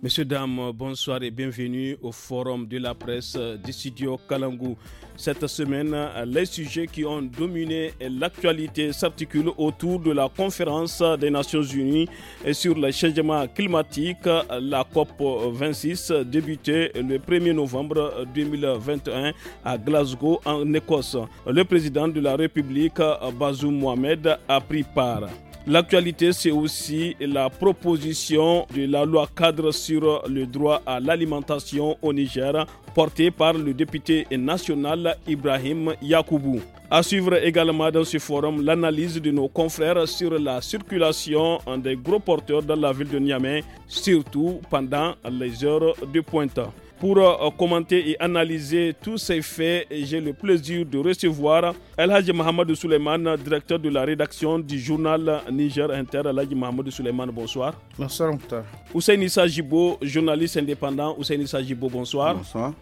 Messieurs, dames, bonsoir et bienvenue au Forum de la presse du studio Kalangou. Cette semaine, les sujets qui ont dominé l'actualité s'articulent autour de la conférence des Nations Unies sur le changement climatique, la COP26, débutée le 1er novembre 2021 à Glasgow, en Écosse. Le président de la République, Bazoum Mohamed, a pris part. L'actualité, c'est aussi la proposition de la loi cadre sur le droit à l'alimentation au Niger, portée par le député national Ibrahim Yakoubou. À suivre également dans ce forum l'analyse de nos confrères sur la circulation des gros porteurs dans la ville de Niamey, surtout pendant les heures de pointe. Pour euh, commenter et analyser tous ces faits, j'ai le plaisir de recevoir El Hadji Mohamed Souleyman, directeur de la rédaction du journal Niger Inter. El Hadji Mohamed Souleyman, bonsoir. Bonsoir, Mokhtar. Hussein Issa Jibo, journaliste indépendant. Hussein Issa Jibo, bonsoir. Bonsoir.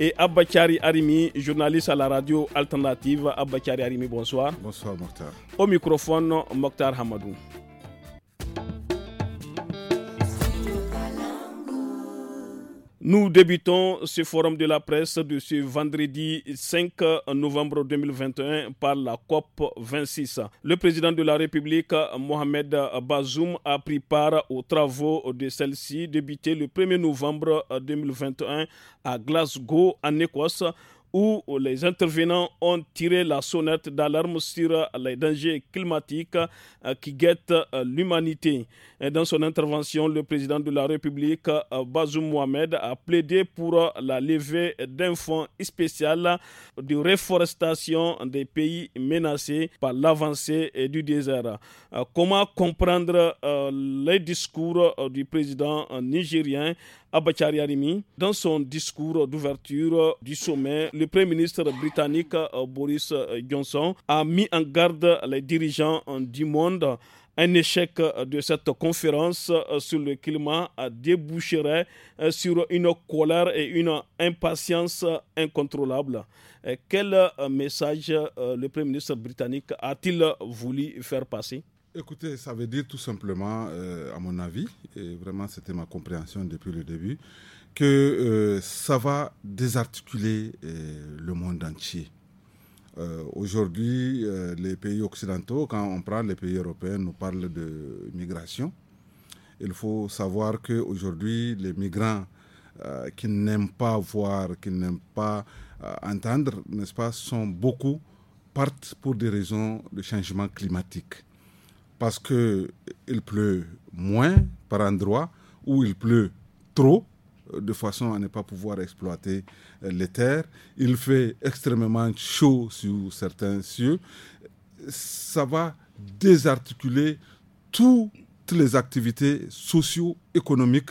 Et Kari Arimi, journaliste à la radio alternative. Kari Arimi, bonsoir. Bonsoir, Mokhtar. Au microphone, Mokhtar Hamadou. Nous débutons ce forum de la presse de ce vendredi 5 novembre 2021 par la COP 26. Le président de la République, Mohamed Bazoum, a pris part aux travaux de celle-ci, débutée le 1er novembre 2021 à Glasgow, en Écosse, où les intervenants ont tiré la sonnette d'alarme sur euh, les dangers climatiques euh, qui guettent euh, l'humanité. Dans son intervention, le président de la République, Bazoum Mohamed, a plaidé pour la levée d'un fonds spécial de réforestation des pays menacés par l'avancée du désert. Comment comprendre les discours du président nigérien Abachari Dans son discours d'ouverture du sommet, le Premier ministre britannique euh, Boris euh, Johnson a mis en garde les dirigeants euh, du monde un échec de cette conférence sur le climat déboucherait sur une colère et une impatience incontrôlables. Quel message le Premier ministre britannique a-t-il voulu faire passer Écoutez, ça veut dire tout simplement, euh, à mon avis, et vraiment c'était ma compréhension depuis le début, que euh, ça va désarticuler euh, le monde entier. Aujourd'hui, les pays occidentaux, quand on prend les pays européens, nous parlent de migration. Il faut savoir qu'aujourd'hui, les migrants qui n'aiment pas voir, qui n'aiment pas entendre, n'est-ce pas, sont beaucoup, partent pour des raisons de changement climatique parce qu'il pleut moins par endroit ou il pleut trop euh, de façon à ne pas pouvoir exploiter euh, les terres. Il fait extrêmement chaud sur certains cieux. Ça va désarticuler toutes les activités socio-économiques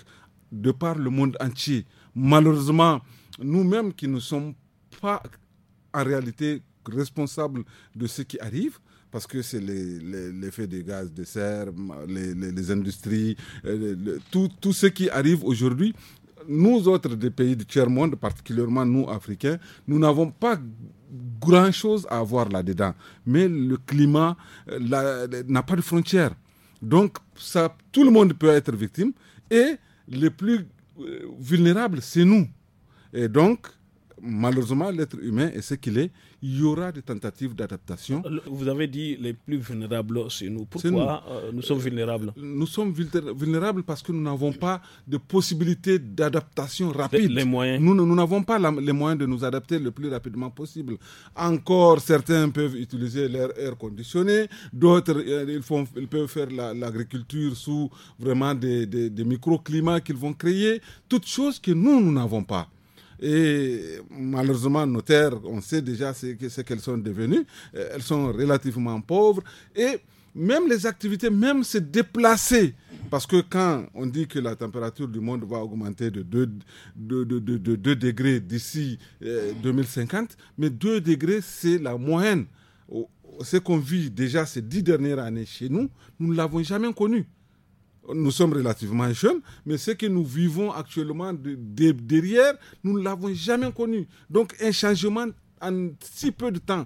de par le monde entier. Malheureusement, nous-mêmes qui ne sommes pas en réalité responsables de ce qui arrive, parce que c'est l'effet des gaz de serre, les, industries, euh, tout, ce qui arrive aujourd'hui. Nous autres des pays du tiers-monde, particulièrement nous Africains, nous n'avons pas grand-chose à avoir là-dedans. Mais le climat euh, n'a pas de frontières. Donc, ça, tout le monde peut être victime. Et les plus euh, vulnérables, c'est nous. Et donc, malheureusement, l'être humain est ce qu'il est il y aura des tentatives d'adaptation. Vous avez dit les plus vulnérables, c'est nous. Pourquoi euh, nous. sommes vulnérables euh, Nous sommes vulnérables parce que nous n'avons pas de possibilité d'adaptation rapide. Les, moyens. Nous n'avons pas les moyens de nous adapter le plus rapidement possible. Encore, certains peuvent utiliser l'air air conditionné, d'autres euh, ils, ils peuvent faire l'agriculture sous vraiment des, des, des microclimats qu'ils vont créer, toutes choses que nous, nous n'avons pas. Et malheureusement, nos terres, on sait déjà ce, qu'elles sont devenues. Euh, elles sont relativement pauvres. Et même les activités, même se déplacer. Parce que quand on dit que la température du monde va augmenter de 2, degrés d'ici 2050, euh, mais 2 degrés, c'est la moyenne. Ce qu'on vit déjà ces dix dernières années chez nous, nous ne l'avons jamais connu nous sommes relativement jeunes, mais ce que nous vivons actuellement de, derrière, nous ne l'avons jamais connu. Donc un changement en si peu de temps.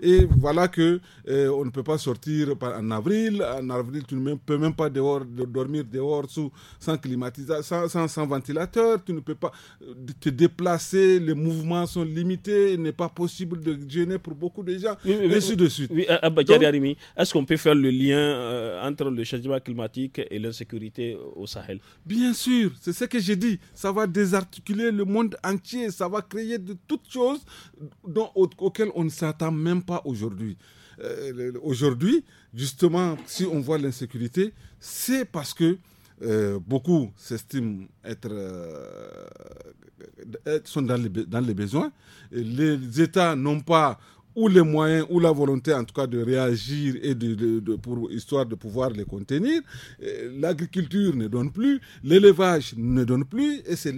Et voilà que euh, on ne peut pas sortir en avril. En avril, tu ne peux même pas dehors, dormir dehors sous, sans climatisation, sans, ventilateur. Tu ne peux pas euh, te déplacer. Les mouvements sont limités. Il n'est pas possible de gêner pour beaucoup de gens. et ainsi de suite. Ah, ah, bah, est-ce qu'on peut faire le lien euh, entre le changement climatique et l'insécurité au Sahel Bien sûr, c'est ce que j'ai dit. Ça va désarticuler le monde entier. Ça va créer de toutes choses dont, auxquelles on ne s'attend même pas pas aujourd'hui. Euh, aujourd'hui, justement, si on voit l'insécurité, c'est parce que euh, beaucoup s'estiment être, euh, sont dans dans les besoins. Les États n'ont pas ou les moyens ou la volonté en tout cas de réagir et de, pour histoire de pouvoir les contenir. L'agriculture ne donne plus, l'élevage ne donne plus et c'est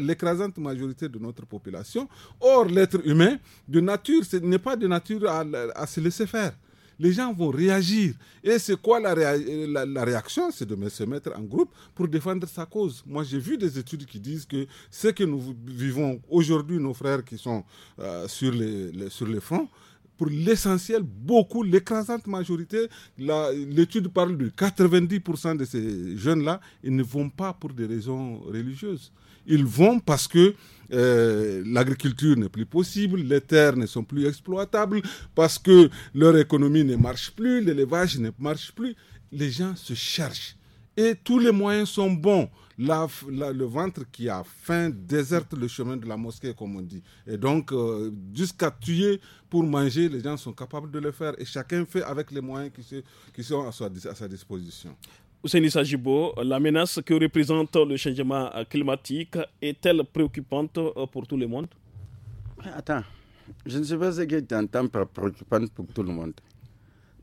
l'écrasante majorité de notre population. Or l'être humain de nature ce n'est pas de nature à se laisser faire les gens vont réagir. Et c'est quoi la, euh, la, réaction C'est de se mettre en groupe pour défendre sa cause. Moi, j'ai vu des études qui disent que ce que nous vivons aujourd'hui, nos frères qui sont euh, sur, les, sur les fronts, pour l'essentiel, beaucoup, l'écrasante majorité, l'étude parle de 90% de ces jeunes-là, ils ne vont pas pour des raisons religieuses. Ils vont parce que euh, l'agriculture n'est plus possible, les terres ne sont plus exploitables parce que leur économie ne marche plus, l'élevage ne marche plus. Les gens se cherchent et tous les moyens sont bons. La, le ventre qui a faim déserte le chemin de la mosquée, comme on dit. Et donc, euh, jusqu'à tuer pour manger, les gens sont capables de le faire et chacun fait avec les moyens qui, sont à sa disposition. Ousseini Sajibo, la menace que représente le changement climatique est-elle préoccupante euh, pour tout le monde Attends, je ne sais pas ce que tu entends par préoccupante pour tout le monde.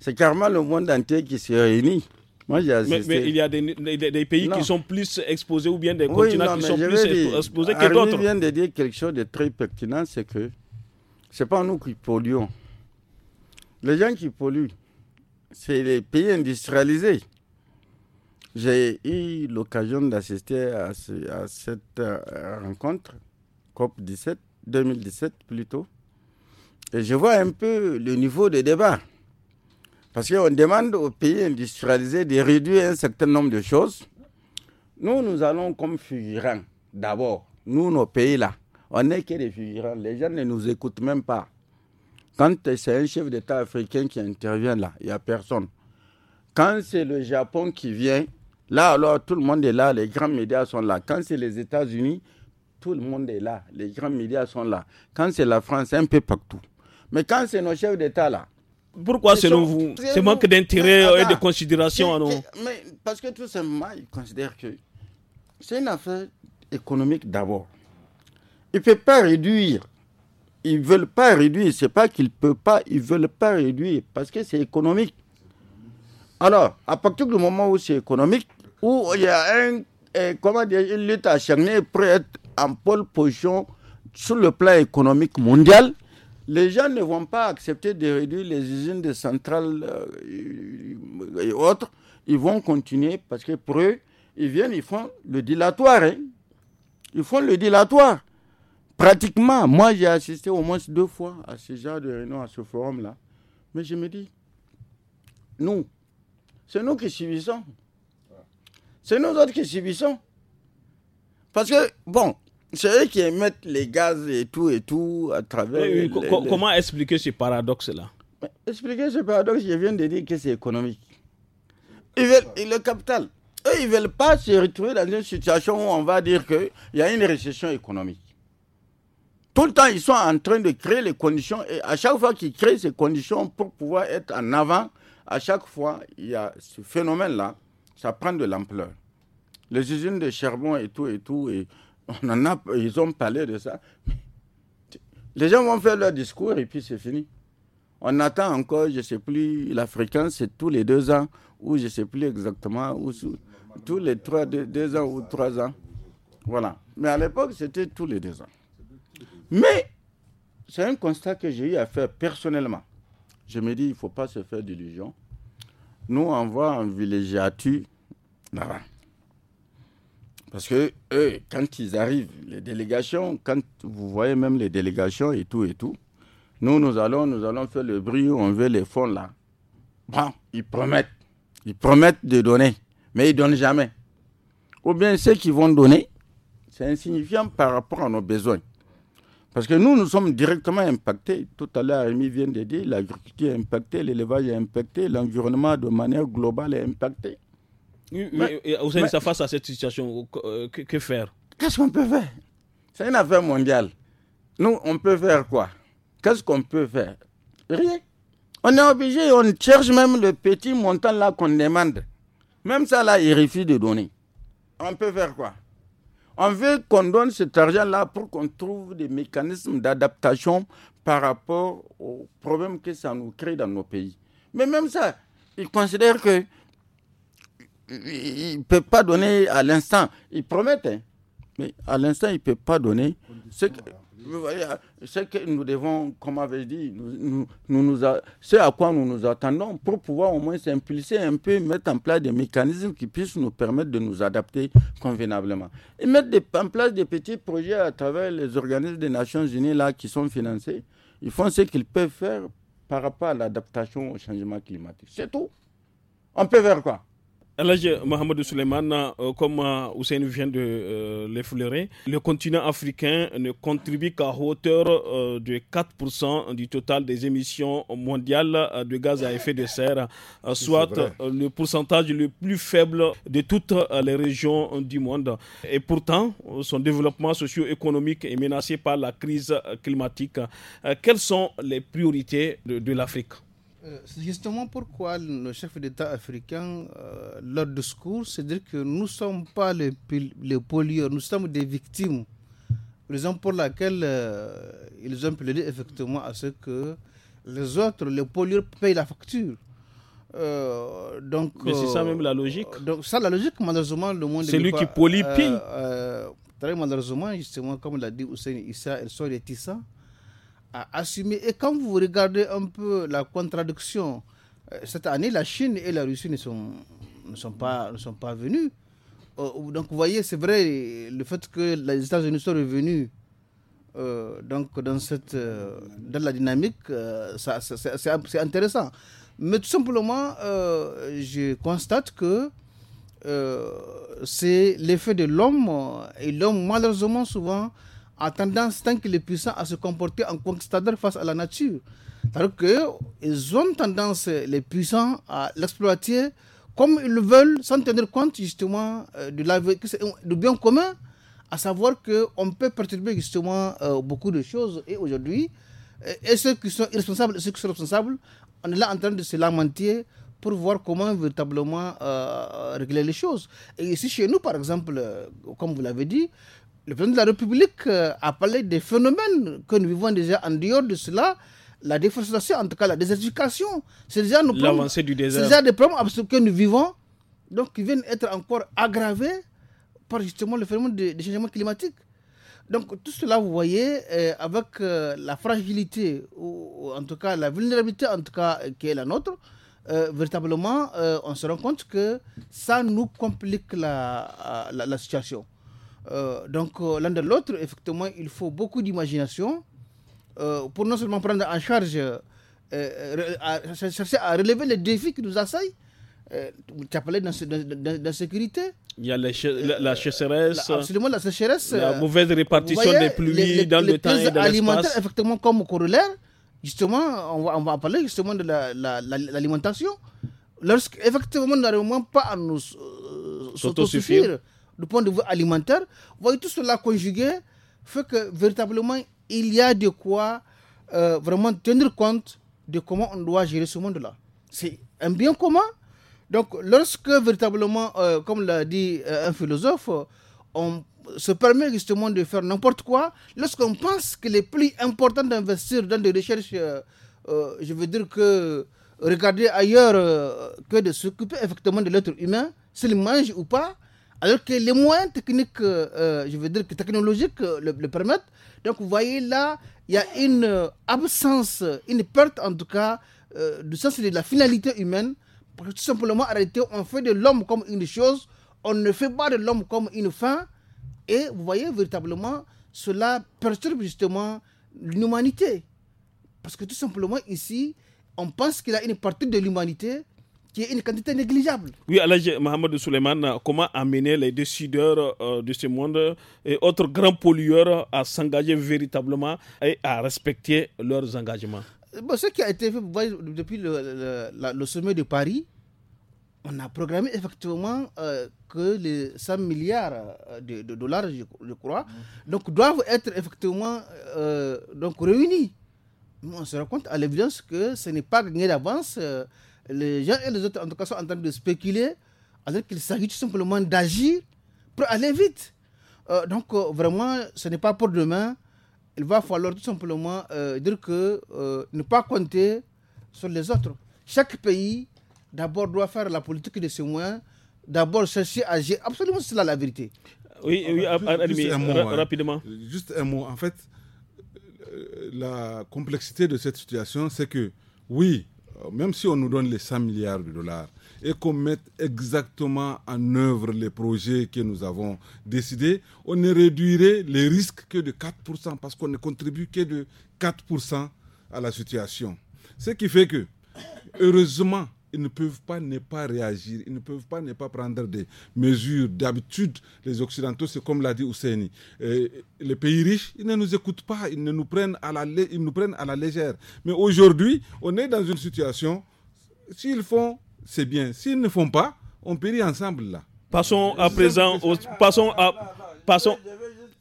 C'est carrément le monde entier qui se réunit. Mais, il y a des, pays qui sont plus exposés ou bien des continents qui sont plus exposés que d'autres. viens de dire quelque chose de très pertinent, c'est que ce n'est pas nous qui polluons. Les gens qui polluent, c'est les pays industrialisés. J'ai eu l'occasion d'assister à, cette euh, rencontre, COP 17, 2017 plutôt. Et je vois un peu le niveau de débat. Parce qu'on demande aux pays industrialisés de réduire un certain nombre de choses. Nous, nous allons comme figurants, d'abord. Nous, nos pays-là, on n'est que des figurants. Les gens ne nous écoutent même pas. Quand c'est un chef d'État africain qui intervient là, il n'y a personne. Quand c'est le Japon qui vient, Là, alors, tout le monde est là, les grands médias sont là. Quand c'est les États-Unis, tout le monde est là, les grands médias sont là. Quand c'est la France, un peu partout. Mais quand c'est nos chefs d'État là. Pourquoi selon vous C'est manque d'intérêt et de considération mais Parce que tout simplement, ils considèrent que c'est une affaire économique d'abord. Ils ne peuvent pas réduire. Ils ne veulent pas réduire. Ce n'est pas qu'ils ne peuvent pas, ils ne veulent pas réduire parce que c'est économique. Alors, à partir du moment où c'est économique, où il y a un, euh, comment dire, une lutte acharnée pour être en pôle position sur le plan économique mondial, les gens ne vont pas accepter de réduire les usines de centrales euh, et autres. Ils vont continuer parce que pour eux, ils viennent, ils font le dilatoire. Hein. Ils font le dilatoire. Pratiquement, moi j'ai assisté au moins deux fois à ce genre de réunion, à ce forum-là. Mais je me dis, nous, c'est nous qui subissons. C'est nous autres qui subissons. Parce que, bon, c'est eux qui émettent les gaz et tout et tout à travers. Comment expliquer ce paradoxe-là Expliquer ce paradoxe, je viens de dire que c'est économique. Ils veulent, le capital. Eux, ils ne veulent pas se retrouver dans une situation où on va dire qu'il y a une récession économique. Tout le temps, ils sont en train de créer les conditions et à chaque fois qu'ils créent ces conditions pour pouvoir être en avant, à chaque fois, il y a ce phénomène-là ça prend de l'ampleur. Les usines de charbon et tout, et tout, et on en a, ils ont parlé de ça. Les gens vont faire leur discours et puis c'est fini. On attend encore, je ne sais plus, la c'est tous les deux ans, ou je ne sais plus exactement, ou tous les trois, deux, ans ou trois ans. Voilà. Mais à l'époque, c'était tous les deux ans. Mais c'est un constat que j'ai eu à faire personnellement. Je me dis, il ne faut pas se faire d'illusions. Nous, on un en villégiature là-bas. Parce que eux, quand ils arrivent, les délégations, quand vous voyez même les délégations et tout et tout, nous, nous allons, nous allons faire le bruit où on veut les fonds là. Bon, ils promettent. Ils promettent de donner, mais ils ne donnent jamais. Ou bien ceux qui vont donner, c'est insignifiant par rapport à nos besoins. Parce que nous, nous sommes directement impactés. Tout à l'heure, Rémi vient de dire, l'agriculture est impactée, l'élevage est impacté, l'environnement de manière globale est impacté. mais, vous savez, face à cette situation, euh, que, faire Qu'est-ce qu'on peut faire C'est une affaire mondiale. Nous, on peut faire quoi Qu'est-ce qu'on peut faire Rien. On est obligé, on cherche même le petit montant là qu'on demande. Même ça là, il refuse de donner. On peut faire quoi on veut qu'on donne cet argent-là pour qu'on trouve des mécanismes d'adaptation par rapport aux problèmes que ça nous crée dans nos pays. Mais même ça, ils considèrent que ne peuvent pas donner à l'instant. Ils promettent, hein. mais à l'instant, ils ne peuvent pas donner. Ce vous voyez, ce que nous devons, comme avait dit, nous, nous, ce à quoi nous nous attendons pour pouvoir au moins s'impulser un peu, mettre en place des mécanismes qui puissent nous permettre de nous adapter convenablement. Et mettre des, en place des petits projets à travers les organismes des Nations Unies là qui sont financés. Ils font ce qu'ils peuvent faire par rapport à l'adaptation au changement climatique. C'est tout. On peut faire quoi Mohamed Suleiman, euh, comme Hussein euh, vient de euh, l'effleurer, le continent africain ne contribue qu'à hauteur de 4% du total des émissions mondiales de gaz à effet de serre, soit le pourcentage le plus faible de toutes les régions du monde. Et pourtant, son développement socio-économique est menacé par la crise climatique. Quelles sont les priorités de l'Afrique euh, c'est justement pourquoi le chef d'État africain, leur discours, c'est dire que nous ne sommes pas les, les pollueurs, nous sommes des victimes. Raison pour laquelle euh, ils ont plaidé effectivement à ce que les autres, les pollueurs, payent la facture. Euh, donc, Mais c'est ça même la logique. Donc, ça, la logique, malheureusement, le monde. C'est lui qui pollue, très malheureusement, justement, comme l'a dit Hussein Issa, elles sont tissants à assumer. Et quand vous regardez un peu la contradiction, euh, cette année, la Chine et la Russie ne sont, ne sont, pas, ne sont pas venus. Euh, donc vous voyez, c'est vrai, le fait que les États-Unis sont revenus euh, donc dans, cette, dans la dynamique, ça, c'est intéressant. Mais tout simplement, je constate que c'est l'effet de l'homme, et l'homme malheureusement souvent a tendance, tant que les puissants, à se comporter en conquistadors face à la nature. C'est-à-dire qu'ils ont tendance, les puissants, à l'exploiter comme ils le veulent, sans tenir compte justement euh, de du bien commun, à savoir qu'on peut perturber justement euh, beaucoup de choses. Et aujourd'hui, euh, ceux qui sont irresponsables et ceux qui sont responsables, on est là en train de se lamenter pour voir comment véritablement régler les choses. Et ici chez nous, par exemple, comme vous l'avez dit, le président de la République euh, a parlé des phénomènes que nous vivons déjà en dehors de cela. La déforestation, en tout cas la désertification, c'est déjà, problèmes, du des problèmes que nous vivons, donc qui viennent être encore aggravés par justement le phénomène des de changements climatiques. Donc tout cela, vous voyez, euh, avec euh, la fragilité, ou, en tout cas la vulnérabilité, en tout cas, qui est la nôtre, véritablement, on se rend compte que ça nous complique la situation. Euh, donc euh, l'un de l'autre, effectivement, il faut beaucoup d'imagination euh, pour non seulement prendre en charge, à, chercher à relever les défis qui nous assaillent, tu as parlé sécurité. Il y a la, la, La, absolument, la sécheresse. La mauvaise répartition des pluies dans le temps et dans l'espace. effectivement, comme corollaire. Justement, on va, on parler justement de l'alimentation. La, on n'a vraiment pas à nous s'autosuffire, du point de vue alimentaire. voyez, tout cela conjugué fait que véritablement, il y a de quoi euh, vraiment tenir compte de comment on doit gérer ce monde-là. C'est un bien commun. Donc, lorsque véritablement, euh, comme l'a dit euh, un philosophe, on se permet justement de faire n'importe quoi, lorsqu'on pense qu'il est plus important d'investir dans des recherches, je veux dire que regarder ailleurs que de s'occuper effectivement de l'être humain, s'il mange ou pas, alors que les moyens techniques, euh, je veux dire que technologiques, euh, le, permettent. Donc vous voyez là, il y a une euh, absence, une perte en tout cas euh, du sens de la finalité humaine. Parce que tout simplement, arrêter, on fait de l'homme comme une chose, on ne fait pas de l'homme comme une fin. Et vous voyez véritablement, cela perturbe justement l'humanité. Parce que tout simplement ici, on pense qu'il y a une partie de l'humanité qui est une quantité négligeable. Oui, Mohamed Souleiman, comment amener les décideurs euh, de ce monde et autres grands pollueurs à s'engager véritablement et à respecter leurs engagements bon, Ce qui a été fait depuis le, sommet de Paris, on a programmé effectivement euh, que les 100 milliards euh, de, dollars, je, crois, donc doivent être effectivement donc réunis. on se rend compte à l'évidence que ce n'est pas gagné d'avance les gens et les autres, en tout cas, sont en train de spéculer, alors qu'il s'agit tout simplement d'agir pour aller vite. Euh, donc, euh, vraiment, ce n'est pas pour demain. Il va falloir tout simplement euh, dire que ne pas compter sur les autres. Chaque pays, d'abord, doit faire la politique de ses moyens, d'abord chercher à agir. Absolument, c'est là la vérité. Oui, oui, hein. rapidement. Juste un mot. En fait, la complexité de cette situation, c'est que, oui, euh, même si on nous donne les 100 milliards de dollars et qu'on mette exactement en œuvre les projets que nous avons décidés, on ne réduirait les risques que de 4% parce qu'on ne contribue que de 4% à la situation. Ce qui fait que, heureusement, ils ne peuvent pas ne pas réagir, ils ne peuvent pas ne pas prendre des mesures. D'habitude, les Occidentaux, c'est comme l'a dit Ousseini, euh, les pays riches, ils ne nous écoutent pas, ils, ne nous, prennent à la, ils nous prennent à la légère. Mais aujourd'hui, on est dans une situation, s'ils font, c'est bien. S'ils ne font pas, on périt ensemble là. Passons à présent, passons à... Ah, passons,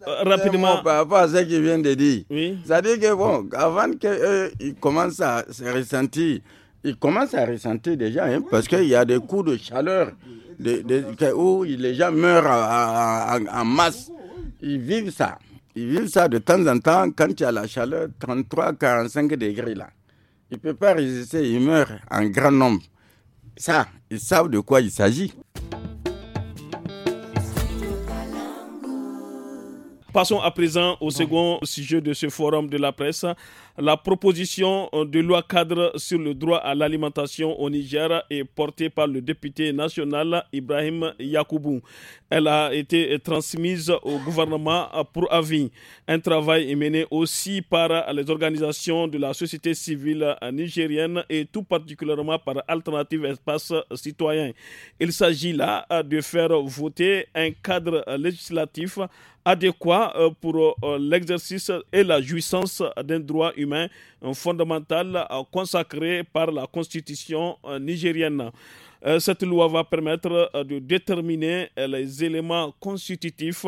euh, rapidement. Par rapport à ce qu'il vient de dire. Oui. C'est-à-dire que, bon, avant qu'ils euh, commencent à se ressentir il commence à ressentir déjà, hein, parce qu'il y a des coups de chaleur où les gens meurent en masse. Ils vivent ça. Ils vivent ça de temps en temps quand il y a la chaleur 33-45 degrés là. Ils ne peuvent pas résister, ils meurent en grand nombre. Ça, ils savent de quoi il s'agit. Passons à présent au second sujet de ce forum de la presse. La proposition euh, de loi cadre sur le droit à l'alimentation au Niger est portée par le député national Ibrahim Yakoubou. Elle a été transmise au gouvernement pour avis. Un travail est mené aussi par les organisations de la société civile nigérienne et tout particulièrement par Alternative Espace Citoyen. Il s'agit là de faire voter un cadre législatif adéquat euh, pour euh, l'exercice et la jouissance d'un droit humain euh, fondamental consacré par la Constitution nigérienne. Cette loi va permettre de déterminer les éléments constitutifs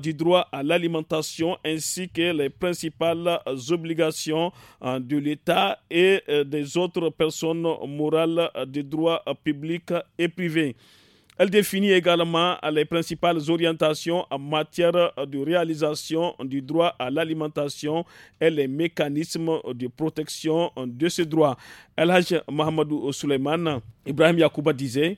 du droit à l'alimentation ainsi que les principales obligations de l'État et des autres personnes morales des droits publics et privés. Elle définit également les principales orientations en matière de réalisation du droit à l'alimentation et les mécanismes de protection de ce droit. El Haj Mohamedou Suleiman, Ibrahim Yacouba disait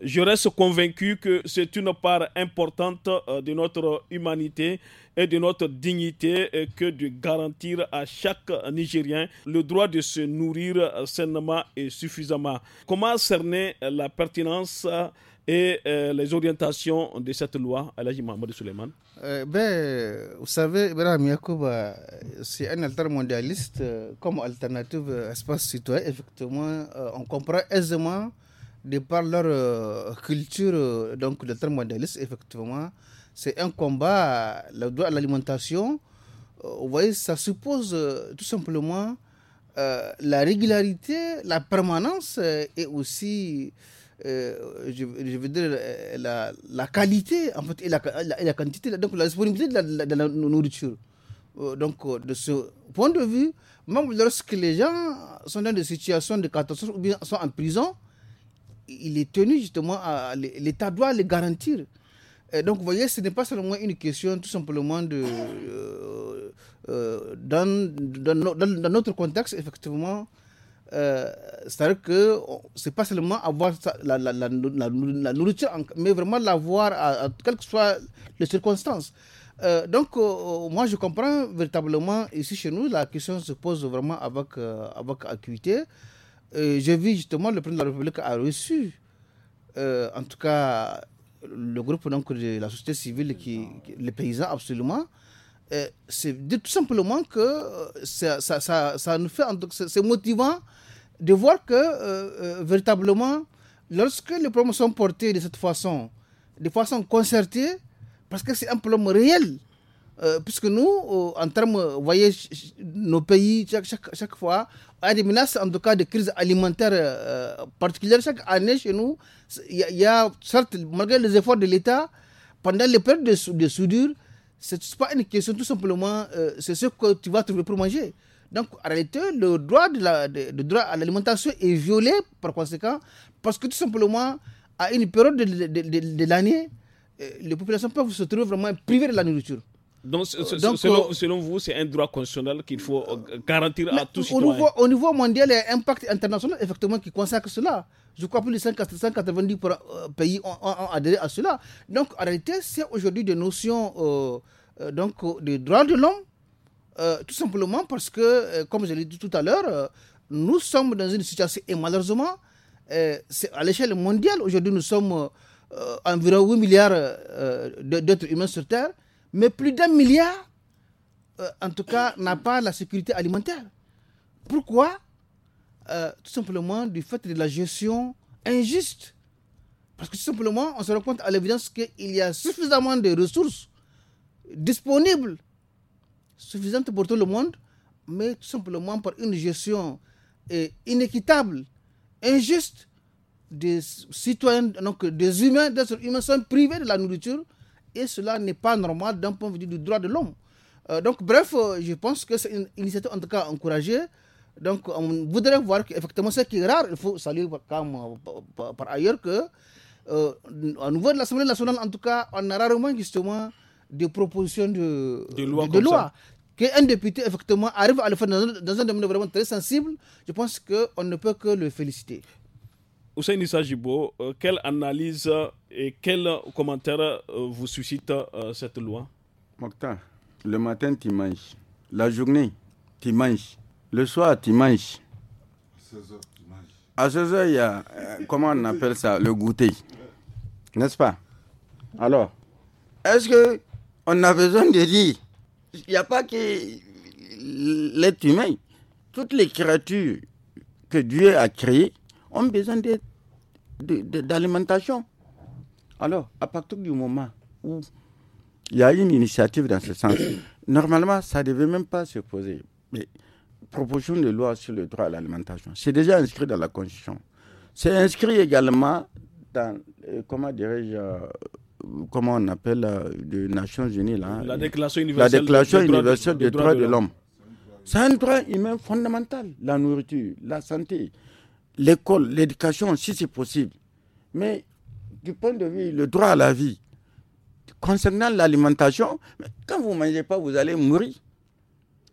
je reste convaincu que c'est une part importante euh, de notre humanité et de notre dignité euh, que de garantir à chaque Nigérien le droit de se nourrir sainement et suffisamment. Comment cerner la pertinence et euh, les orientations de cette loi, à l'âge Suleiman ben, Vous savez, Ibrahim Yacouba, c'est un altermondialiste euh, comme alternative euh, espace citoyen. Effectivement, on comprend aisément, de par leur culture donc d'altermondialiste, effectivement, c'est un combat, le droit à l'alimentation. vous voyez, ça suppose tout simplement la régularité, la permanence et aussi euh, je, veux dire, euh, la, la, qualité en fait, et, la, la quantité, donc la disponibilité de, de la, nourriture. Euh, donc, de ce point de vue, même lorsque les gens sont dans des situations de catastrophe ou bien sont en prison, il est tenu justement à. L'État doit les garantir. Et donc, vous voyez, ce n'est pas seulement une question tout simplement de. dans, dans, notre contexte, effectivement, euh, c'est-à-dire que c'est pas seulement avoir la, la, la, nourriture, mais vraiment l'avoir à, quelles que soient les circonstances. Euh, donc, euh, moi, je comprends véritablement ici chez nous, la question se pose vraiment avec, avec acuité. J'ai vu justement le président de la République a reçu, en tout cas, le groupe donc, de la société civile, qui les paysans, absolument. Euh, c'est tout simplement que euh, ça, ça, ça, nous fait, c'est motivant de voir que euh, véritablement, lorsque les problèmes sont portés de cette façon, de façon concertée, parce que c'est un problème réel, puisque nous, en termes, vous voyez, nos pays, chaque, chaque, chaque, fois, a des menaces, en tout cas, de crise alimentaire particulière. Chaque année, chez nous, il y, a, malgré les efforts de l'État, pendant les périodes de, de soudure, c'est pas une question tout simplement, euh, c'est ce que tu vas trouver pour manger. Donc, en réalité, le droit, de la, droit à l'alimentation est violé par conséquent, parce que tout simplement, à une période de, de l'année, euh, les populations peuvent se trouver vraiment privées de la nourriture. Donc, euh, euh, selon, vous, c'est un droit constitutionnel qu'il faut euh, garantir à tous citoyens. au niveau mondial, il y a un pacte international effectivement qui consacre cela. Je crois que plus de 190 pays ont, adhéré à cela. Donc, en réalité, c'est aujourd'hui des notions euh, donc, des droits de l'homme, tout simplement parce que, comme je l'ai dit tout à l'heure, nous sommes dans une situation, et malheureusement, à l'échelle mondiale, aujourd'hui, nous sommes environ 8 milliards d'êtres humains sur Terre. Mais plus d'un milliard, euh, en tout cas, n'a pas la sécurité alimentaire. Pourquoi euh, Tout simplement du fait de la gestion injuste. Parce que tout simplement, on se rend compte à l'évidence qu'il y a suffisamment de ressources disponibles, suffisantes pour tout le monde, mais tout simplement par une gestion euh, inéquitable, injuste, des citoyens, donc des humains, des humains sont privés de la nourriture et cela n'est pas normal d'un point de vue du droit de l'homme. Euh, donc, bref, euh, je pense que c'est une initiative en tout cas encouragée. Donc, on voudrait voir qu'effectivement, ce qui est rare, il faut saluer par, euh, ailleurs que, euh, au niveau de l'Assemblée nationale, en tout cas, on a rarement justement des propositions de, loi. De, Qu'un député, effectivement, arrive à le faire dans un domaine vraiment très sensible, je pense qu'on ne peut que le féliciter. Hussein Sajibo, euh, quelle analyse euh, et quel euh, commentaire vous suscite cette loi Mokhtar, le matin tu manges, la journée tu manges, le soir tu manges. À 16h, il y a, comment on appelle ça, le goûter. N'est-ce pas Alors, est-ce que on a besoin de dire, il n'y a pas que l'être humain, toutes les créatures que Dieu a créées, ont besoin d'alimentation. Alors, à partir du moment où il y a une initiative dans ce sens, normalement, ça ne devait même pas se poser. Mais proposition de loi sur le droit à l'alimentation, c'est déjà inscrit dans la Constitution. C'est inscrit également dans, euh, comment dirais-je, euh, comment on appelle, les euh, Nations Unies, là, la Déclaration universelle, des, droits, de, de l'homme. C'est un droit humain fondamental, la nourriture, la santé, l'école, l'éducation, si c'est possible. Mais du point de vue, le droit à la vie, concernant l'alimentation, quand vous ne mangez pas, vous allez mourir.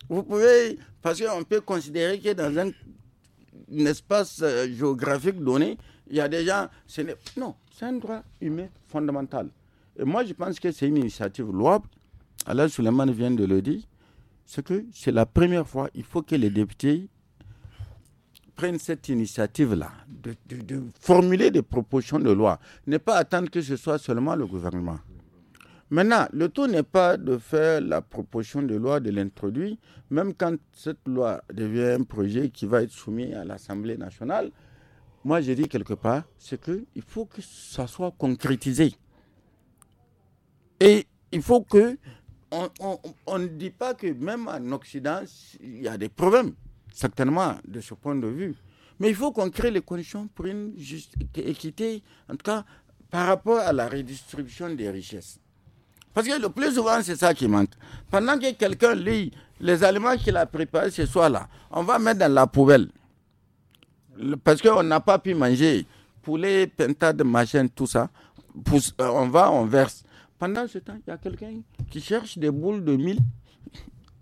Vous pouvez, parce qu'on peut considérer que dans un, espace euh, géographique donné, il y a des gens. non, c'est un droit humain fondamental. Et moi, je pense que c'est une initiative louable. Alain Souleymane vient de le dire. C'est que c'est la première fois, il faut que les députés cette initiative-là, de, formuler des propositions de loi, n'est pas attendre que ce soit seulement le gouvernement. Maintenant, le tout n'est pas de faire la proposition de loi, de l'introduire, même quand cette loi devient un projet qui va être soumis à l'Assemblée nationale. Moi, j'ai dit quelque part, c'est qu'il faut que ça soit concrétisé. Et il faut que on ne dit pas que même en Occident, il y a des problèmes certainement de ce point de vue. Mais il faut qu'on crée les conditions pour une juste équité, en tout cas par rapport à la redistribution des richesses. Parce que le plus souvent, c'est ça qui manque. Pendant que quelqu'un lit les aliments qu'il a préparés ce soir-là, on va mettre dans la poubelle. Parce qu'on n'a pas pu manger poulet, pentade, machin, tout ça. Euh, on va, on verse. Pendant ce temps, il y a quelqu'un qui cherche des boules de mille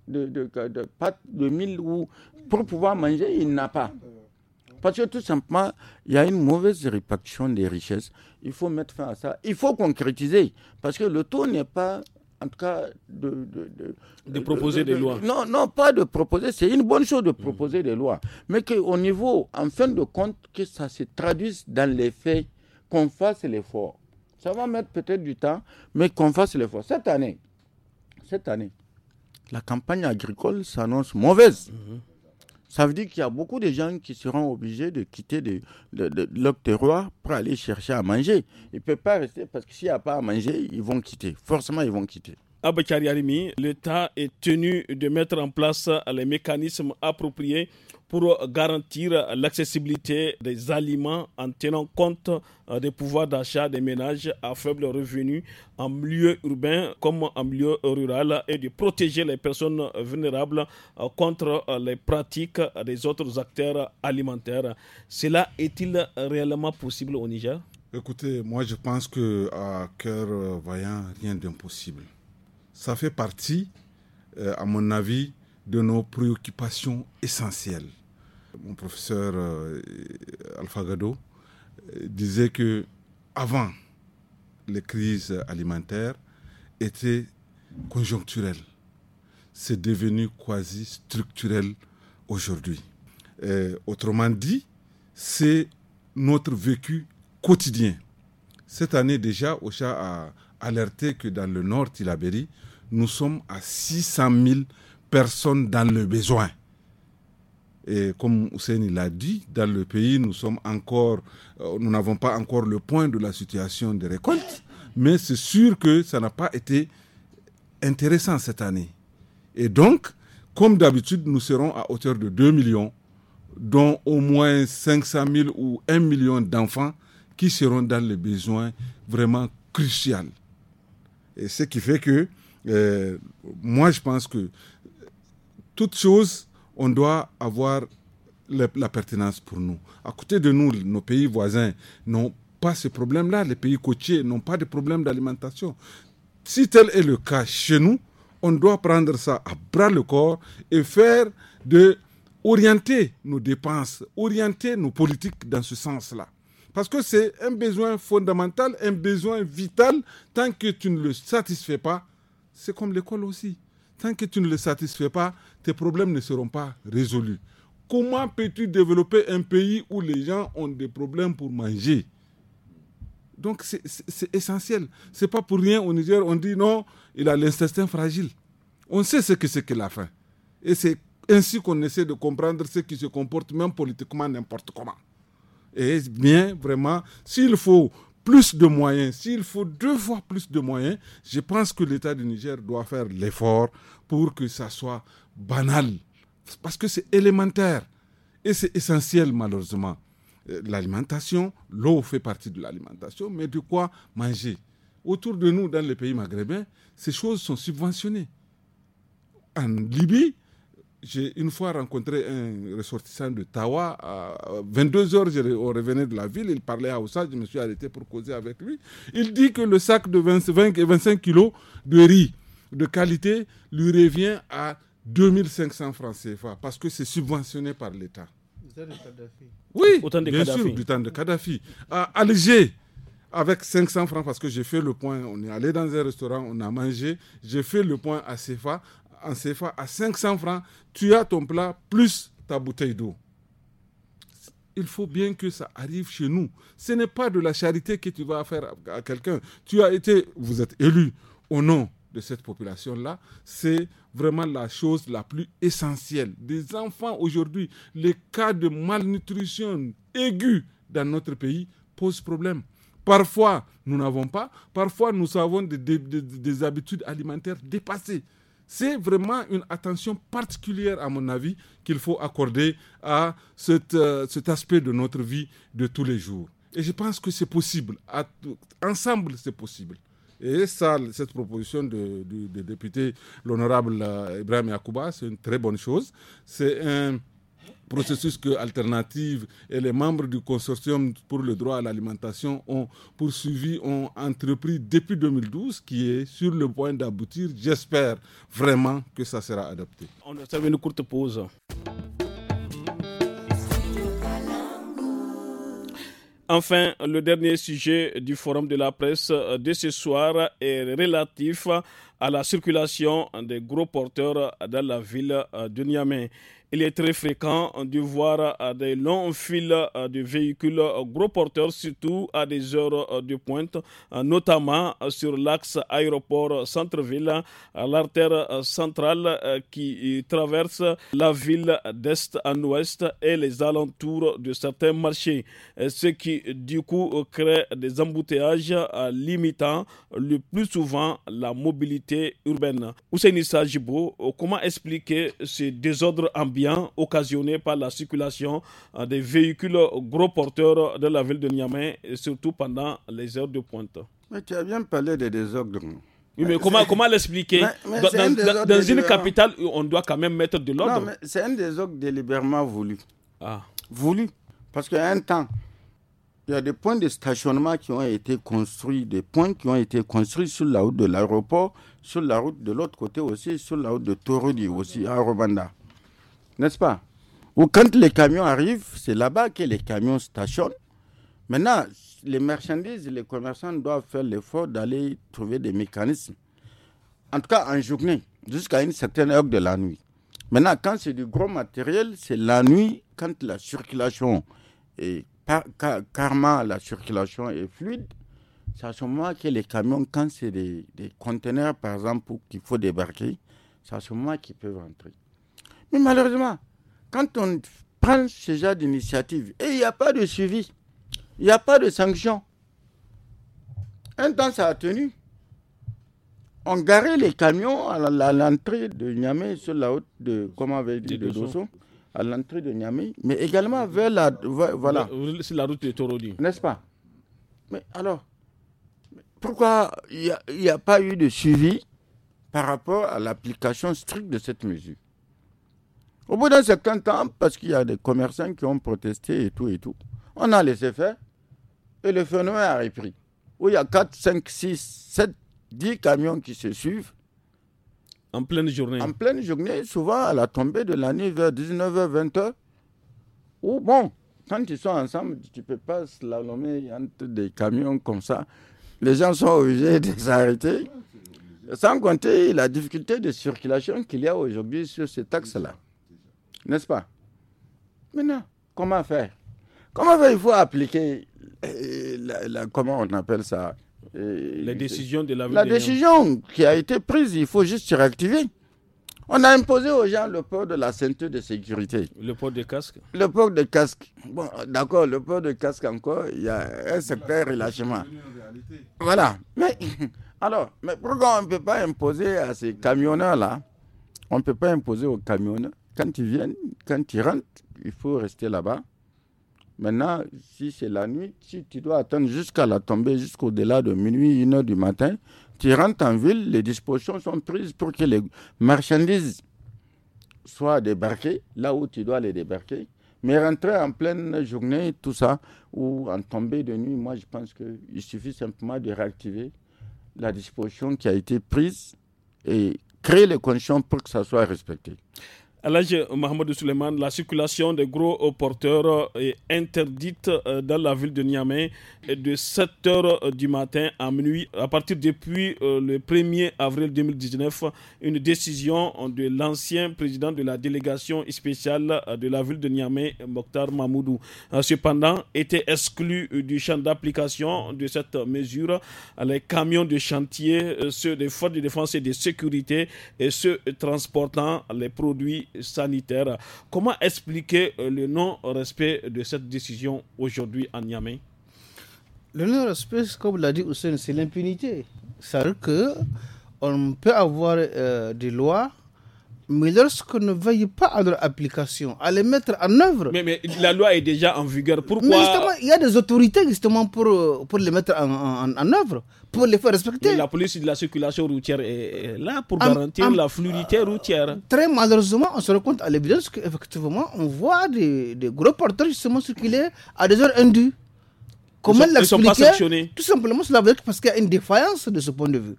de, de, de pâtes, de mille, ou pour pouvoir manger, il n'a pas. Parce que tout simplement, il y a une mauvaise répartition des richesses. Il faut mettre fin à ça. Il faut concrétiser. Parce que le taux n'est pas, en tout cas, de. De, de, proposer des lois. Non, non, pas de proposer. C'est une bonne chose de proposer des lois. Mais qu'au niveau, en fin de compte, que ça se traduise dans les faits, qu'on fasse l'effort. Ça va mettre peut-être du temps, mais qu'on fasse l'effort. Cette année, cette année, la campagne agricole s'annonce mauvaise. Mhm. Ça veut dire qu'il y a beaucoup de gens qui seront obligés de quitter leur terroir pour aller chercher à manger. Ils ne peuvent pas rester parce que s'il n'y a pas à manger, ils vont quitter. Forcément, ils vont quitter. Abakari Arimi, l'État est tenu de mettre en place les mécanismes appropriés pour garantir l'accessibilité des aliments en tenant compte euh, des pouvoirs d'achat des ménages à faible revenu en milieu urbain comme en milieu rural et de protéger les personnes vulnérables euh, contre euh, les pratiques des autres acteurs alimentaires. Cela est-il réellement possible au Niger Écoutez, moi je pense que à cœur voyant rien d'impossible ça fait partie, euh, à mon avis, de nos préoccupations essentielles. Mon professeur euh, Alpha Gado euh, disait que avant les crises alimentaires étaient conjoncturelles. C'est devenu quasi structurel aujourd'hui. Autrement dit, c'est notre vécu quotidien. Cette année déjà, OCHA a alerté que dans le nord il Tilaberi, nous sommes à 600 000 personnes dans le besoin. Et comme Hussein l'a dit, dans le pays, nous sommes encore, euh, nous n'avons pas encore le point de la situation des récoltes, mais c'est sûr que ça n'a pas été intéressant cette année. Et donc, comme d'habitude, nous serons à hauteur de 2 millions, dont au moins 500 000 ou 1 million d'enfants qui seront dans le besoin vraiment crucial. Et ce qui fait que euh, moi, je pense que toute chose, on doit avoir la, la pertinence pour nous. À côté de nous, nos pays voisins n'ont pas ce problème-là. Les pays côtiers n'ont pas de problème d'alimentation. Si tel est le cas chez nous, on doit prendre ça à bras le corps et faire de orienter nos dépenses, orienter nos politiques dans ce sens-là. Parce que c'est un besoin fondamental, un besoin vital. Tant que tu ne le satisfais pas, c'est comme l'école aussi. Tant que tu ne le satisfais pas, tes problèmes ne seront pas résolus. Comment peux-tu développer un pays où les gens ont des problèmes pour manger Donc c'est essentiel. C'est pas pour rien au Niger, on dit non, il a l'intestin fragile. On sait ce que c'est que la faim. Et c'est ainsi qu'on essaie de comprendre ce qui se comporte, même politiquement n'importe comment. Et bien, vraiment, s'il faut plus de moyens, s'il faut deux fois plus de moyens, je pense que l'État du Niger doit faire l'effort pour que ça soit banal. Parce que c'est élémentaire et c'est essentiel malheureusement. Euh, l'alimentation, l'eau fait partie de l'alimentation, mais de quoi manger Autour de nous, dans les pays maghrébins, ces choses sont subventionnées. En Libye, j'ai une fois rencontré un ressortissant de Tawa. À 22 heures, on revenait de la ville. Il parlait à Oussa. Je me suis arrêté pour causer avec lui. Il dit que le sac de 25 kilos de riz de qualité lui revient à 2500 francs CFA parce que c'est subventionné par l'État. Oui, de bien sûr, du temps de Kadhafi. À avec 500 francs, parce que j'ai fait le point, on est allé dans un restaurant, on a mangé, j'ai fait le point à CFA, en CFA à 500 francs, tu as ton plat plus ta bouteille d'eau. Il faut bien que ça arrive chez nous. Ce n'est pas de la charité que tu vas faire à quelqu'un. Tu as été, vous êtes élu au nom de cette population-là, c'est vraiment la chose la plus essentielle. Des enfants aujourd'hui, les cas de malnutrition aiguë dans notre pays posent problème. Parfois, nous n'avons pas, parfois, nous avons des, des habitudes alimentaires dépassées. C'est vraiment une attention particulière, à mon avis, qu'il faut accorder à euh, cet, aspect de notre vie de tous les jours. Et je pense que c'est possible. ensemble, c'est possible. Et ça, cette proposition de, député, l'honorable euh, Ibrahim Yakouba, c'est une très bonne chose. C'est un processus que Alternative et les membres du consortium pour le droit à l'alimentation ont poursuivi, ont entrepris depuis 2012, qui est sur le point d'aboutir. J'espère vraiment que ça sera adopté. On fait une courte pause. Enfin, le dernier sujet du forum de la presse de ce soir est relatif à la circulation des gros porteurs dans la ville euh, de Niamey. Il est très fréquent de voir euh, des longs files euh, de véhicules gros porteurs, surtout à des heures de pointe, notamment sur l'axe aéroport-centre-ville, l'artère centrale qui traverse la ville d'est en ouest et les alentours de certains marchés, ce qui du coup crée des embouteillages limitant le plus souvent la mobilité urbaine. Ousseinissa euh, comment expliquer ce désordre ambiant occasionné par la circulation euh, des véhicules gros porteurs de la ville de Niamey, surtout pendant les heures de pointe Mais tu as bien parlé des désordres. mais comment, comment l'expliquer dans, une capitale, on doit quand même mettre de l'ordre. c'est un désordre délibérément voulu. Ah. Voulu. Parce qu'à un temps, il y a des points de stationnement qui ont été construits, des points qui ont été construits sur la route de l'aéroport, sur la route de l'autre côté aussi, sur la route de Torodi aussi, à Rwanda. N'est-ce pas Ou quand les camions arrivent, c'est là-bas que les camions stationnent. Maintenant, les marchandises, les commerçants doivent faire l'effort d'aller trouver des mécanismes. En tout cas, en journée, jusqu'à une certaine heure de la nuit. Maintenant, quand c'est du gros matériel, c'est la nuit, quand la circulation est car, la circulation est fluide, ça se ce que les camions, quand c'est des, conteneurs, par exemple, qu'il faut débarquer, ça se ce qu'ils peuvent entrer. Mais malheureusement, quand on prend ce genre d'initiative et il n'y a pas de suivi, il n'y a pas de sanction, un temps ça a tenu. On garait les camions à l'entrée de Niamey sur la haute de, comment avait de Dosso à l'entrée de Niamey, mais également vers la. Voilà. Euh, la route de Torodi. N'est-ce pas Mais alors, pourquoi il n'y a, pas eu de suivi par rapport à l'application stricte de cette mesure Au bout d'un certain temps, parce qu'il y a des commerçants qui ont protesté et tout et tout, on a laissé faire et le phénomène a repris. Où il y a 4, 5, 6, 7, 10 camions qui se suivent en pleine journée En pleine journée, souvent à la tombée de la nuit, vers 19h, 20h. Ou bon, quand ils sont ensemble, tu ne peux pas slalomer entre des camions comme ça. Les gens sont obligés de s'arrêter. Sans compter la difficulté de circulation qu'il y a aujourd'hui sur ces taxes là N'est-ce pas Maintenant, comment faire Comment faire Il faut appliquer, euh, comment on appelle ça la décision qui a été prise, il faut juste réactiver. On a imposé aux gens le port de la ceinture de sécurité. Le port de casque Le port de casque. Bon, d'accord, le port de casque encore, il y a un secteur relâchement. Voilà. Mais alors, mais pourquoi on ne peut pas imposer à ces camionneurs-là On ne peut pas imposer aux camionneurs. Quand ils viennent, quand ils rentrent, il faut rester là-bas. Maintenant, si c'est la nuit, si tu dois attendre jusqu'à la tombée, jusqu'au-delà de minuit, une heure du matin, tu rentres en ville, les dispositions sont prises pour que les marchandises soient débarquées là où tu dois les débarquer. Mais rentrer en pleine journée, tout ça, ou en tombée de nuit, moi je pense qu'il suffit simplement de réactiver la disposition qui a été prise et créer les conditions pour que ça soit respecté. À l'âge Mohamed Suleiman, la circulation des gros porteurs est interdite euh, dans la ville de Niamey de 7h euh, du matin à minuit. À partir depuis euh, le 1er avril 2019, une décision de l'ancien président de la délégation spéciale de la ville de Niamey, Mokhtar Mahmoudou. Cependant, était exclu du champ d'application de cette mesure les camions de chantier, ceux des forces de défense et de sécurité et ceux transportant les produits sanitaire. Comment expliquer euh, le non-respect de cette décision aujourd'hui en Niamey Le non-respect, comme l'a dit Hussein, c'est l'impunité. C'est-à-dire qu'on peut avoir euh, des lois mais lorsqu'on ne veille pas à leur application, à les mettre en œuvre. Mais, mais la loi est déjà en vigueur. Pourquoi Mais justement, il y a des autorités justement pour, euh, pour les mettre en, en, œuvre, pour les faire respecter. Mais la police de la circulation routière est, là pour garantir la fluidité euh, routière. Très malheureusement, on se rend compte à l'évidence qu'effectivement, on voit des, des gros porteurs justement circuler à des heures indues. Comment l'expliquer Tout simplement, cela veut dire parce qu'il y a une défaillance de ce point de vue.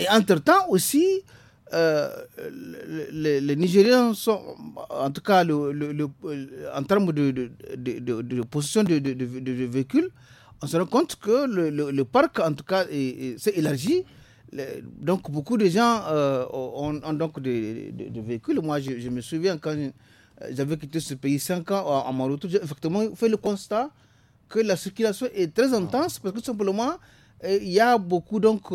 Et entre-temps aussi, euh, les, Nigériens sont, en tout cas, le, en termes de, de, de, position de, véhicules, on se rend compte que le, parc, en tout cas, s'est élargi. Donc, beaucoup de gens euh, ont, donc des, véhicules. Moi, je, me souviens quand j'avais quitté ce pays 5 ans en mon retour, j'ai effectivement fait le constat que la circulation est très intense parce que simplement, euh, il y a beaucoup donc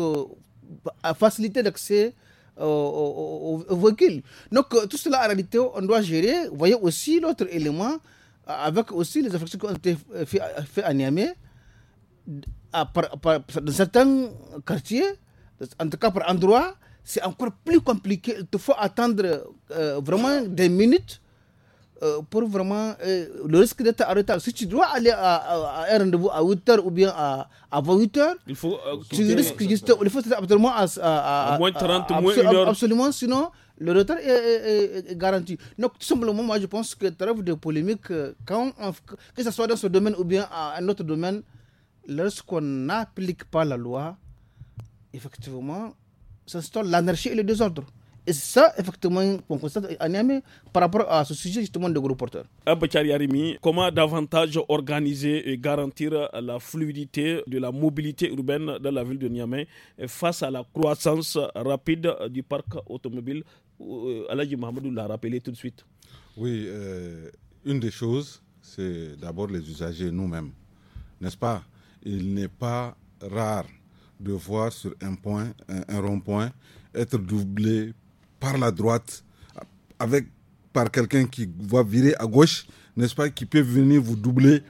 facilité d'accès au, véhicule. Donc euh, tout cela, en réalité, on doit gérer. Vous voyez aussi l'autre élément, euh, avec aussi les affections qui ont été faites à Niamey, dans certains quartiers, en tout cas par endroit, c'est encore plus compliqué. Il te faut attendre euh, vraiment des minutes euh, pour vraiment euh, le risque d'être en retard. Si tu dois aller à, un rendez-vous à 8 heures ou bien à, à 28h, il faut, euh, tu risques hein. juste, il faut être absolument à, moins 30, moins 1 heure. Absolument, sinon le retard est, garanti. Donc, tout simplement, moi, je pense que trêve de polémique, que ce soit dans ce domaine ou bien à un autre domaine, lorsqu'on n'applique pas la loi, effectivement, ça s'installe l'anarchie et le désordre. Et ça, effectivement, on constate à Niamey par rapport à ce sujet justement de gros porteurs. Euh, Abba Yarimi, comment davantage organiser et garantir la fluidité de la mobilité urbaine dans la ville de Niamey face à la croissance rapide du parc automobile euh, Alaji Mahmoud l'a rappelé tout de suite. Oui, euh, une des choses, c'est d'abord les usagers nous-mêmes, n'est-ce pas Il n'est pas rare de voir sur un point, un rond-point, être doublé par la droite, avec, par quelqu'un qui va virer à gauche, n'est-ce pas, qui peut venir vous doubler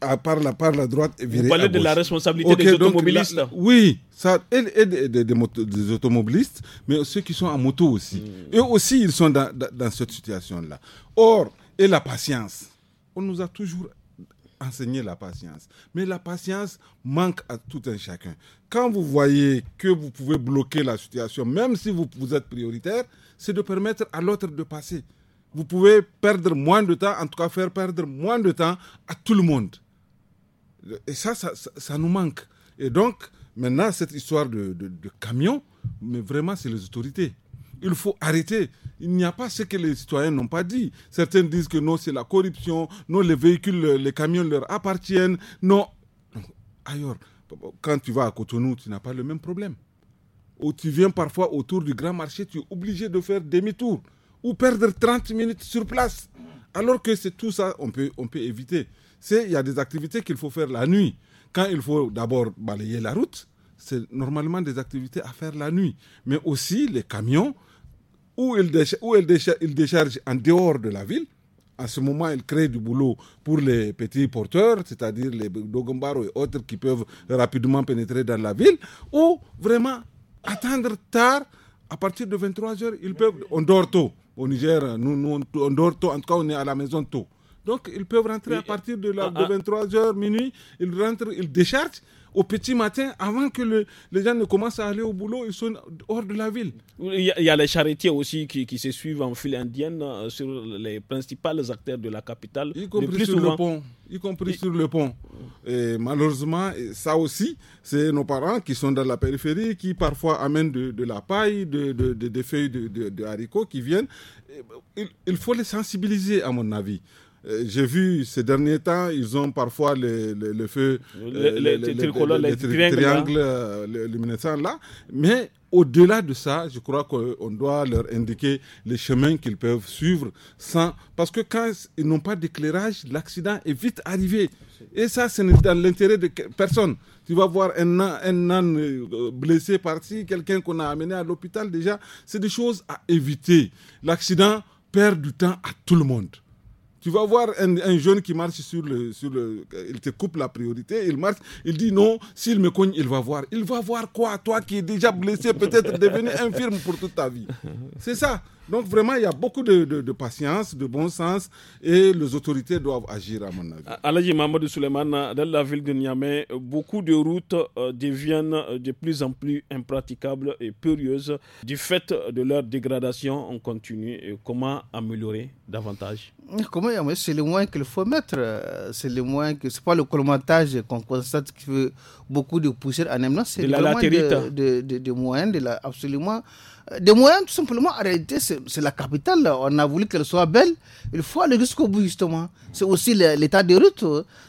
à part la, par la droite et virer de la responsabilité des automobilistes Oui, ça, et, des, des, automobilistes, mais ceux qui sont en moto aussi. Hmm. Eux aussi, ils sont dans, dans cette situation-là. Or, et la patience, on nous a toujours enseigner la patience. Mais la patience manque à tout un chacun. Quand vous voyez que vous pouvez bloquer la situation, même si vous, êtes prioritaire, c'est de permettre à l'autre de passer. Vous pouvez perdre moins de temps, en tout cas faire perdre moins de temps à tout le monde. Et ça, ça, nous manque. Et donc, maintenant, cette histoire de, de, de camion, mais vraiment, c'est les autorités il faut arrêter. Il n'y a pas ce que les citoyens n'ont pas dit. Certains disent que non, c'est la corruption, non, les véhicules, les camions leur appartiennent, non. Ailleurs, quand tu vas à Cotonou, tu n'as pas le même problème. Ou tu viens parfois autour du grand marché, tu es obligé de faire demi-tour ou perdre 30 minutes sur place. Alors que c'est tout ça, on peut, on peut éviter. Il y a des activités qu'il faut faire la nuit. Quand il faut d'abord balayer la route, c'est normalement des activités à faire la nuit. Mais aussi les camions, ou ils, déchargent en dehors de la ville. À ce moment, ils créent du boulot pour les petits porteurs, c'est-à-dire les Dogombaro et autres qui peuvent rapidement pénétrer dans la ville, ou vraiment attendre tard, à partir de 23h, ils peuvent, on dort tôt. Au Niger, nous, nous on dort tôt, en tout cas, on est à la maison tôt. Donc, ils peuvent rentrer à partir de, ah, de 23h, ah. minuit, ils rentrent, ils déchargent au petit matin, avant que les gens ne commencent à aller au boulot, ils sont hors de la ville. Il y a, les charretiers aussi qui, se suivent en file indienne euh, sur les principales acteurs de la capitale. Y compris sur le pont. Y compris sur le pont. Et malheureusement, ça aussi, c'est nos parents qui sont dans la périphérie, qui parfois amènent de, la paille, de, des feuilles de, haricots qui viennent. il faut les sensibiliser, à mon avis. Euh, j'ai vu ces derniers temps, ils ont parfois le feu, le feux, les, là. Mais au-delà de ça, je crois qu'on doit leur indiquer les chemins qu'ils peuvent suivre sans, parce que quand ils n'ont pas d'éclairage, l'accident est vite arrivé. Et ça, ce n'est dans l'intérêt de personne. Tu vas voir un âne, euh, blessé parti, quelqu'un qu'on a amené à l'hôpital déjà. C'est des choses à éviter. L'accident perd du temps à tout le monde. Tu vas voir un, jeune qui marche sur le, sur le. Il te coupe la priorité, il marche, il dit non, s'il me cogne, il va voir. Il va voir quoi Toi qui es déjà blessé, peut-être devenu infirme pour toute ta vie. C'est ça. Donc vraiment, il y a beaucoup de, patience, de bon sens et les autorités doivent agir à mon avis. Alaji Mamadou Souleymane, dans la ville de Niamey, beaucoup de routes euh, deviennent euh, de plus en plus impraticables et périlleuses du fait de leur dégradation On continu. comment améliorer davantage Comment c'est le moyens qu'il faut mettre. Euh, c'est le moins que c'est pas le colmatage qu'on constate qui veut beaucoup de poussière en même temps. C'est le moins de, de, moyens, de la, absolument. Euh, des moyens, tout simplement, en réalité, c'est la capitale. On a voulu qu'elle soit belle. Il faut aller jusqu'au bout, justement. C'est aussi l'état des routes.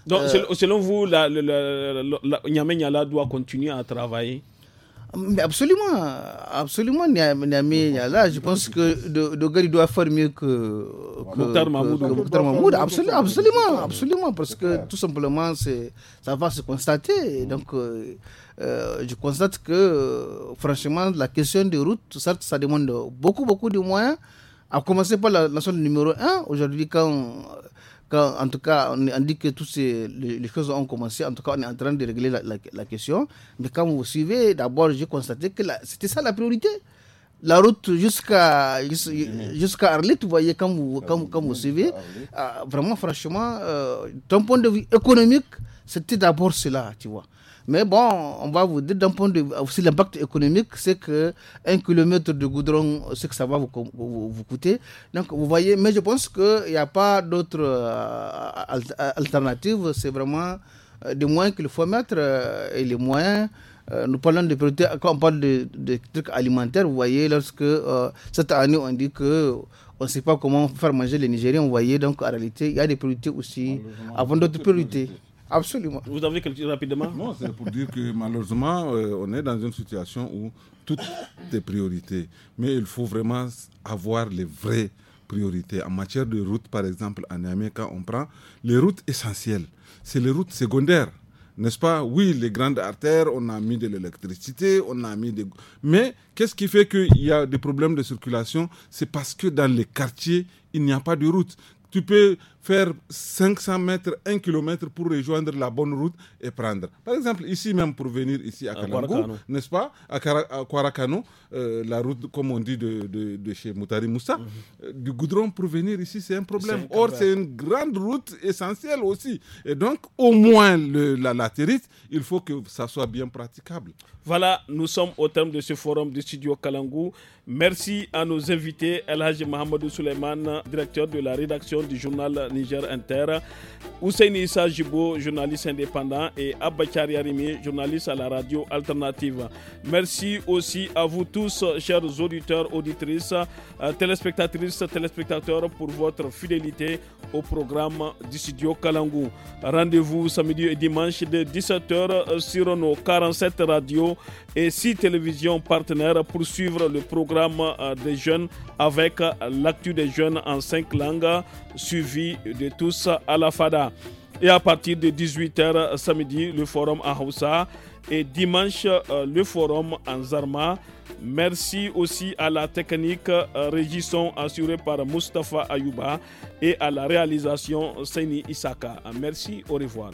Donc, euh, selon vous, la, la, doit continuer à travailler Absolument, absolument, Niamé, Là, je pense que il doit faire mieux que, que Mahmoud. absolument, absolument, absolument, parce que tout simplement, ça va se constater. donc, euh, euh, je constate que, franchement, la question des routes, certes, ça demande beaucoup, beaucoup de moyens, à commencer par la, la numéro 1. Aujourd'hui, quand en tout cas, on, dit que toutes les, choses ont commencé. En tout cas, on est en train de régler la, question. Mais quand vous suivez, d'abord, j'ai constaté que c'était ça la priorité la route jusqu'à jusqu'à mm-hmm. Arlit, vous voyez, quand vous, vous suivez, mm-hmm. ah, vraiment, franchement, euh, d'un point de vue économique, c'était d'abord cela, tu vois. Mais bon, on va vous dire d'un point de vue aussi l'impact économique, c'est que un kilomètre de goudron, c'est que ça va vous, vous, coûter. Donc vous voyez, mais je pense qu'il n'y a pas d'autre euh, alternative. C'est vraiment euh, des moyens qu'il faut mettre euh, et les moyens. nous parlons de priorités, quand on parle de, trucs alimentaires, vous voyez, lorsque cette année on dit que on ne sait pas comment faire manger les Nigériens, vous voyez, donc en réalité, il y a des priorités aussi, avant d'autres priorités. Absolument. Vous avez quelque chose rapidement Non, c'est pour dire que malheureusement, euh, on est dans une situation où toutes est priorités. Mais il faut vraiment avoir les vraies priorités. En matière de routes, par exemple, en Niamey, quand on prend les routes essentielles, c'est les routes secondaires. N'est-ce pas Oui, les grandes artères, on a mis de l'électricité, on a mis des... Mais qu'est-ce qui fait qu'il y a des problèmes de circulation C'est parce que dans les quartiers, il n'y a pas de route. Tu peux faire 500 mètres, 1 km pour rejoindre la bonne route et prendre. Par exemple, ici même pour venir ici à Kalangou, n'est-ce pas À, Kwarakano, euh, la route, comme on dit, de, de, chez Moutari Moussa, mhm. euh, du goudron pour venir ici, c'est un problème. Or, c'est une grande route essentielle aussi. Et donc, au moins le, la latérite, il faut que ça soit bien praticable. Voilà, nous sommes au terme de ce forum du studio Kalangou. Merci à nos invités, El Haji Mohamedou Souleymane, directeur de la rédaction du journal Niger Inter, Ousseini Issa Jibo, journaliste indépendant, et Abba Arimi, journaliste à la radio alternative. Merci aussi à vous tous, chers auditeurs, auditrices, euh, téléspectatrices, téléspectateurs, pour votre fidélité au programme du studio Kalangou. Rendez-vous samedi et dimanche de 17h sur nos 47 radios et 6 télévisions partenaires pour suivre le programme euh, des jeunes avec l'actu des jeunes en cinq langues suivi de tous à la FADA. Et à partir de 18h samedi, le forum à Hausa et dimanche, euh, le forum en Zarma. Merci aussi à la technique euh, régisson assurée par Mustapha Ayouba et à la réalisation Seni Isaka. Merci, au revoir.